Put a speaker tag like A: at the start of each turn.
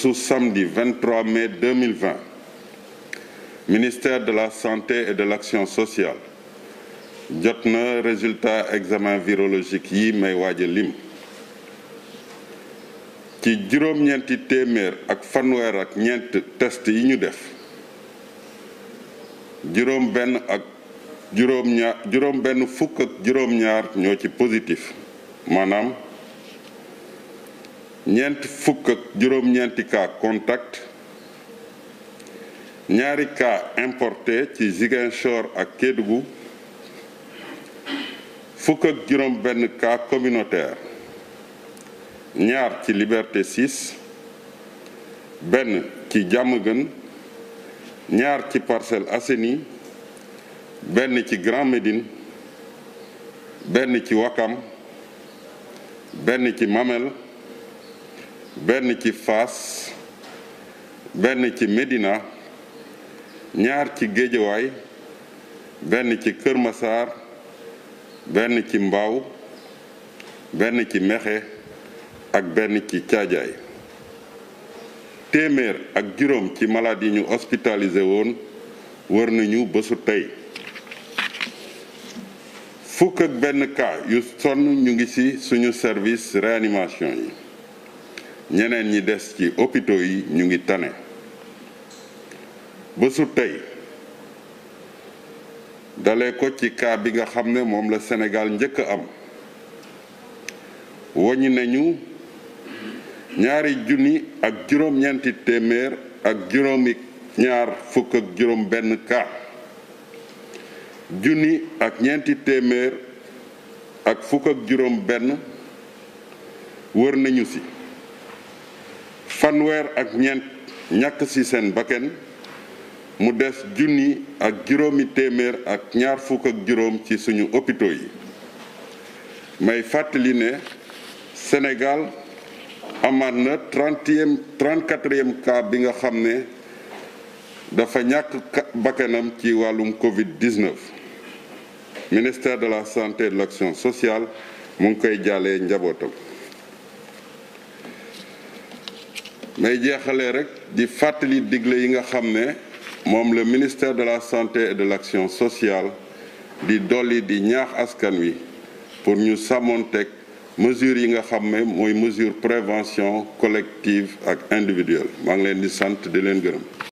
A: Au samedi 23 mai 2020, ministère de la Santé et de l'Action sociale Jotna, résultat examen virologique yi may waaj qui lim ci juróom-ñeenti téeméer ak fanweer ak ñeent test yi ñu def juróom benn ak juróom ñaar juróom benn fukk ak juróom ñaar ñoo positif ñeent fukk ak ñaari cas ci Ziguinchor ak Kédougou fukk ak juróom benn cas ñaar ci Liberté 6 benn ci Diamaguène ñaar ci Parcelles Assainies benn ci Grand Médine benn ci Wakam benn ci Mamel benn ci fas benn ci Médina ñaar ci Géejawaay benn ci Kër benn ci Mbaaw benn ci Mexe ak benn ci Caajaay téeméer ak juróom ci malade yi ñu hospitalisé woon wër nañu bésu tey fukk ak benn cas yu sonn ñu ngi ci suñu service réanimation yi ñeneen ñi des ci hôpitaux yi ñu ngi tane bésu tey dale ko ci cas bi nga xam ne moom la Sénégal njëkk am woññi nañu ñaari junni ak juróom-ñeenti téeméer ak juróomi ñaar fukk ak juróom benn cas junni ak ñeenti téeméer ak fukk ak juróom benn wër nañu si fanweer ak ñent ñak ci sen bakken mu dess junni ak juróomi témèr ak ñaar fuk ak juróom ci suñu hôpitaux yi may fatali né Sénégal amana 30e 34e ka bi nga xamné dafa ñak ci walum Covid-19 ministère de la santé et de l'action sociale mu ngi koy jalé njabotam mais jeexalee rek di fatali digle yi nga xam mom le ministère de la santé et de l'action sociale di doli di ñaax askan wi pour ñu sàmmoon mesure mesures yi nga xam moy mesure prévention collective ak individuelle ma ngi leen di sante di leen gërëm